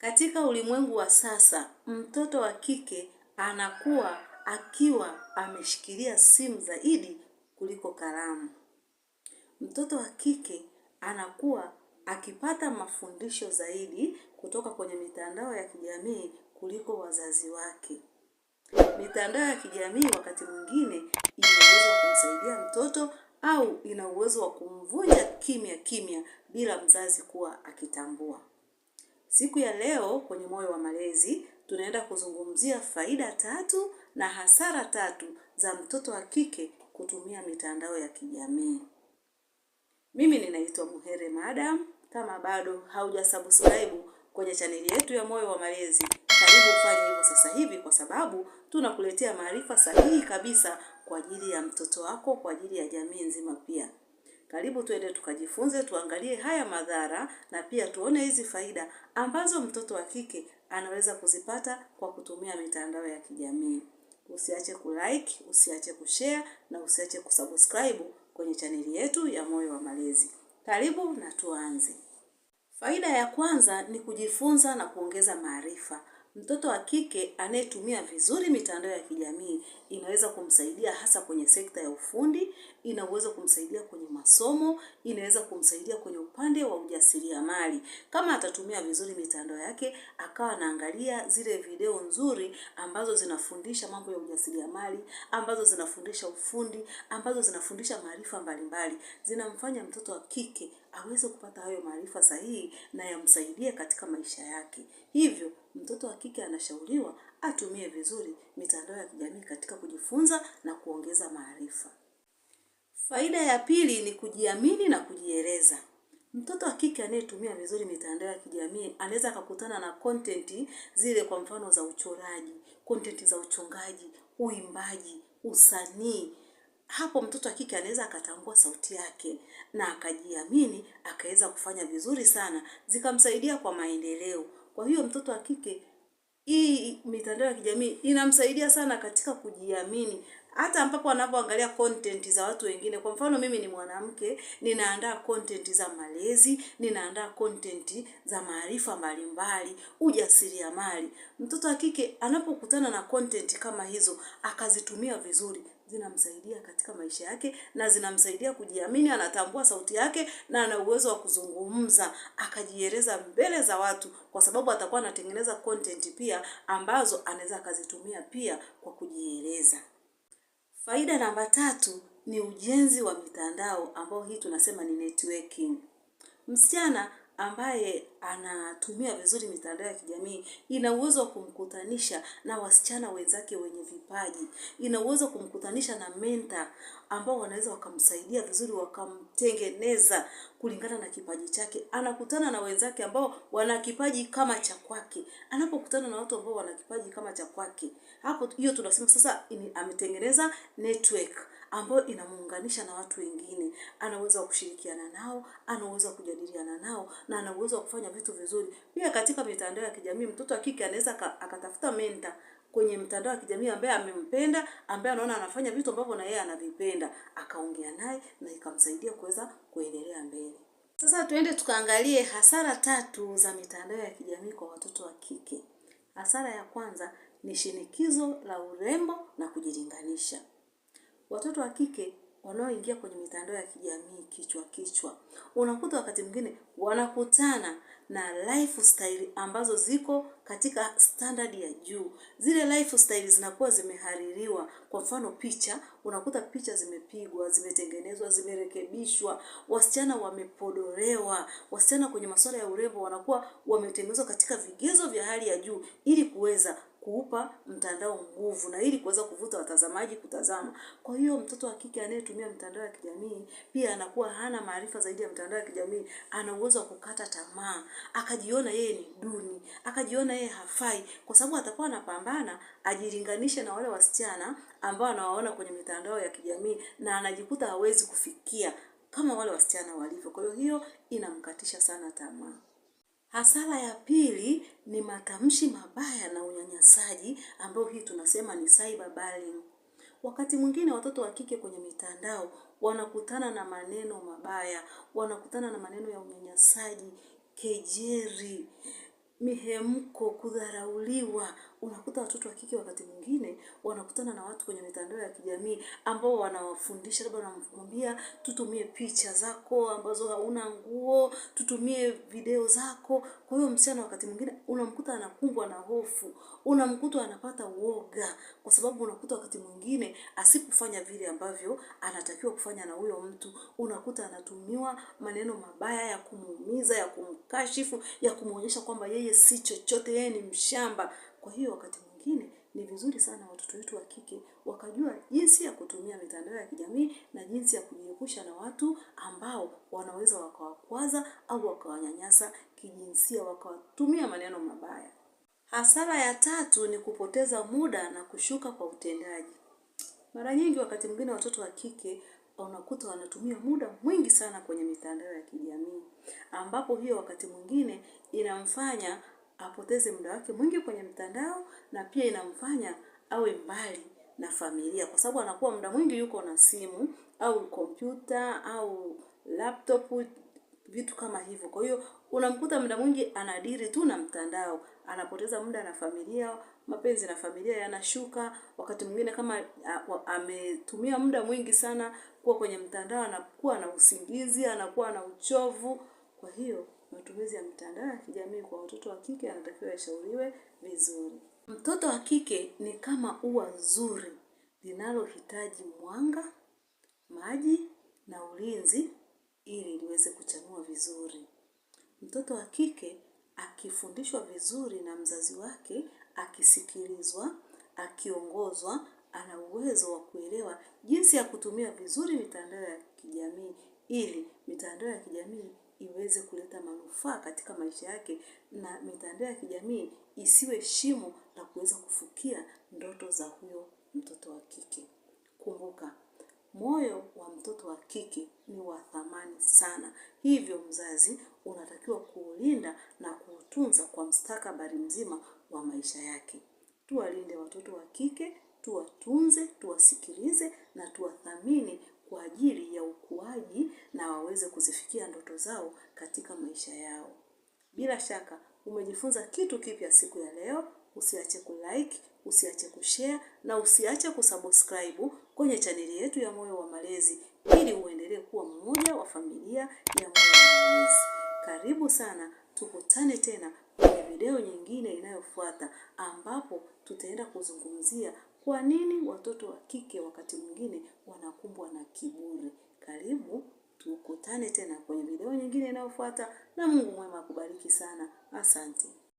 Katika ulimwengu wa sasa, mtoto wa kike anakuwa akiwa ameshikilia simu zaidi kuliko kalamu. Mtoto wa kike anakuwa akipata mafundisho zaidi kutoka kwenye mitandao ya kijamii kuliko wazazi wake. Mitandao ya kijamii wakati mwingine inaweza kumsaidia mtoto au ina uwezo wa kumvunja kimya kimya bila mzazi kuwa akitambua. Siku ya leo kwenye Moyo wa Malezi tunaenda kuzungumzia faida tatu na hasara tatu za mtoto wa kike kutumia mitandao ya kijamii. Mimi ninaitwa Muhere Madam. Kama bado hauja subscribe kwenye chaneli yetu ya Moyo wa Malezi, karibu ufanye hivyo sasa hivi, kwa sababu tunakuletea maarifa sahihi kabisa kwa ajili ya mtoto wako, kwa ajili ya jamii nzima pia. Karibu tuende tukajifunze, tuangalie haya madhara na pia tuone hizi faida ambazo mtoto wa kike anaweza kuzipata kwa kutumia mitandao ya kijamii. Usiache kulike, usiache kushare na usiache kusubscribe kwenye chaneli yetu ya Moyo wa Malezi. Karibu na tuanze. Faida ya kwanza ni kujifunza na kuongeza maarifa. Mtoto wa kike anayetumia vizuri mitandao ya kijamii inaweza kumsaidia hasa kwenye sekta ya ufundi, ina uwezo kumsaidia kwenye masomo, inaweza kumsaidia kwenye upande wa ujasiriamali, kama atatumia vizuri mitandao yake, akawa anaangalia zile video nzuri ambazo zinafundisha mambo ya ujasiriamali, ambazo zinafundisha ufundi, ambazo zinafundisha maarifa mbalimbali, zinamfanya mtoto wa kike aweze kupata hayo maarifa sahihi na yamsaidie katika maisha yake. Hivyo mtoto wa kike anashauriwa atumie vizuri mitandao ya kijamii katika kujifunza na kuongeza maarifa. Faida ya pili ni kujiamini na kujieleza. Mtoto wa kike anayetumia vizuri mitandao ya kijamii anaweza akakutana na kontenti zile, kwa mfano za uchoraji, kontenti za uchongaji, uimbaji, usanii hapo mtoto wa kike anaweza akatambua sauti yake na akajiamini, akaweza kufanya vizuri sana, zikamsaidia kwa maendeleo. Kwa hiyo mtoto wa kike, hii mitandao ya kijamii inamsaidia sana katika kujiamini, hata ambapo anapoangalia content za watu wengine. Kwa mfano, mimi ni mwanamke, ninaandaa content za malezi, ninaandaa content za maarifa mbalimbali, ujasiriamali. Mtoto wa kike anapokutana na content kama hizo, akazitumia vizuri zinamsaidia katika maisha yake na zinamsaidia kujiamini. Anatambua sauti yake na ana uwezo wa kuzungumza akajieleza mbele za watu, kwa sababu atakuwa anatengeneza content pia ambazo anaweza akazitumia pia kwa kujieleza. Faida namba tatu ni ujenzi wa mitandao ambao hii tunasema ni networking. Msichana ambaye anatumia vizuri mitandao ya kijamii, ina uwezo wa kumkutanisha na wasichana wenzake wenye vipaji, ina uwezo wa kumkutanisha na menta ambao wanaweza wakamsaidia vizuri, wakamtengeneza kulingana na kipaji chake. Anakutana na wenzake ambao wana kipaji kama cha kwake. Anapokutana na watu ambao wana kipaji kama cha kwake, hapo hiyo tunasema sasa ini, ametengeneza network ambayo inamuunganisha na watu wengine. anaweza kushirikiana nao, anaweza kujadiliana nao na anaweza wa kufanya vitu vizuri. Pia katika mitandao ya kijamii, mtoto wa kike anaweza akatafuta mentor kwenye mtandao wa kijamii ambaye amempenda, ambaye anaona anafanya vitu ambavyo na yeye anavipenda, akaongea naye na ikamsaidia kuweza kuendelea mbele. Sasa tuende tukaangalie hasara tatu za mitandao ya kijamii kwa watoto wa kike. Hasara ya kwanza ni shinikizo la urembo na kujilinganisha. Watoto wa kike wanaoingia kwenye mitandao ya kijamii kichwa kichwa, unakuta wakati mwingine wanakutana na lifestyle ambazo ziko katika standard ya juu. Zile lifestyle zinakuwa zimehaririwa. Kwa mfano, picha, unakuta picha zimepigwa, zimetengenezwa, zimerekebishwa, wasichana wamepodolewa. Wasichana kwenye masuala ya urembo wanakuwa wametengenezwa katika vigezo vya hali ya juu ili kuweza kuupa mtandao nguvu na ili kuweza kuvuta watazamaji kutazama. Kwa hiyo mtoto wa kike anayetumia mtandao wa kijamii pia anakuwa hana maarifa zaidi ya mtandao wa kijamii, ana uwezo wa kukata tamaa, akajiona yeye ni duni, akajiona yeye hafai, kwa sababu atakuwa anapambana ajilinganishe na wale wasichana ambao anawaona kwenye mitandao ya kijamii na anajikuta hawezi kufikia kama wale wasichana walivyo. Kwa hiyo hiyo inamkatisha sana tamaa. Hasara ya pili ni matamshi mabaya na unyanyasaji ambao hii tunasema ni cyberbullying. Wakati mwingine watoto wa kike kwenye mitandao wanakutana na maneno mabaya, wanakutana na maneno ya unyanyasaji, kejeri mihemko, kudharauliwa. Unakuta watoto wa kike wakati mwingine wanakutana na watu kwenye mitandao ya kijamii ambao wanawafundisha, labda wanamwambia tutumie picha zako ambazo hauna nguo, tutumie video zako. Kwa hiyo msichana wakati mwingine unamkuta anakumbwa na hofu, unamkuta anapata uoga, kwa sababu unakuta wakati mwingine asipofanya vile ambavyo anatakiwa kufanya na huyo mtu, unakuta anatumiwa maneno mabaya ya kumuumiza, ya kumkashifu, ya kumwonyesha kwamba yeye yeye si chochote, yeye ni mshamba. Kwa hiyo wakati mwingine ni vizuri sana watoto wetu wa kike wakajua jinsi ya kutumia mitandao ya kijamii na jinsi ya kujiepusha na watu ambao wanaweza wakawakwaza au wakawanyanyasa kijinsia, wakawatumia maneno mabaya. Hasara ya tatu ni kupoteza muda na kushuka kwa utendaji. Mara nyingi wakati mwingine watoto wa kike unakuta wanatumia muda mwingi sana kwenye mitandao ya kijamii, ambapo hiyo wakati mwingine inamfanya apoteze muda wake mwingi kwenye mitandao na pia inamfanya awe mbali na familia, kwa sababu anakuwa muda mwingi yuko na simu au kompyuta au laptop vitu kama hivyo. Kwa hiyo unamkuta muda mwingi anadiri tu na mtandao, anapoteza muda na familia, mapenzi na familia yanashuka. Wakati mwingine kama ametumia muda mwingi sana kuwa kwenye mtandao, anakuwa na usingizi, anakuwa na uchovu. Kwa hiyo matumizi ya mtandao ya kijamii kwa watoto wa kike anatakiwa yashauriwe vizuri. Mtoto wa kike ni kama ua zuri linalohitaji mwanga, maji na ulinzi ili liweze kuchanua vizuri. Mtoto wa kike akifundishwa vizuri na mzazi wake, akisikilizwa, akiongozwa, ana uwezo wa kuelewa jinsi ya kutumia vizuri mitandao ya kijamii ili mitandao ya kijamii iweze kuleta manufaa katika maisha yake na mitandao ya kijamii isiwe shimo la kuweza kufukia ndoto za huyo mtoto wa kike. Kumbuka, Moyo wa mtoto wa kike ni wa thamani sana, hivyo mzazi unatakiwa kuulinda na kuutunza kwa mstakabali mzima wa maisha yake. Tuwalinde watoto wa kike, tuwatunze, tuwasikilize na tuwathamini kwa ajili ya ukuaji na waweze kuzifikia ndoto zao katika maisha yao. Bila shaka umejifunza kitu kipya siku ya leo. Usiache kulike, usiache kushare na usiache kusubscribe kwenye chaneli yetu ya Moyo wa Malezi ili uendelee kuwa mmoja wa familia ya Moyo wa Malezi. Karibu sana, tukutane tena kwenye video nyingine inayofuata ambapo tutaenda kuzungumzia kwa nini watoto wa kike wakati mwingine wanakumbwa na kiburi. Karibu tukutane tena kwenye video nyingine inayofuata, na Mungu mwema akubariki sana. Asante.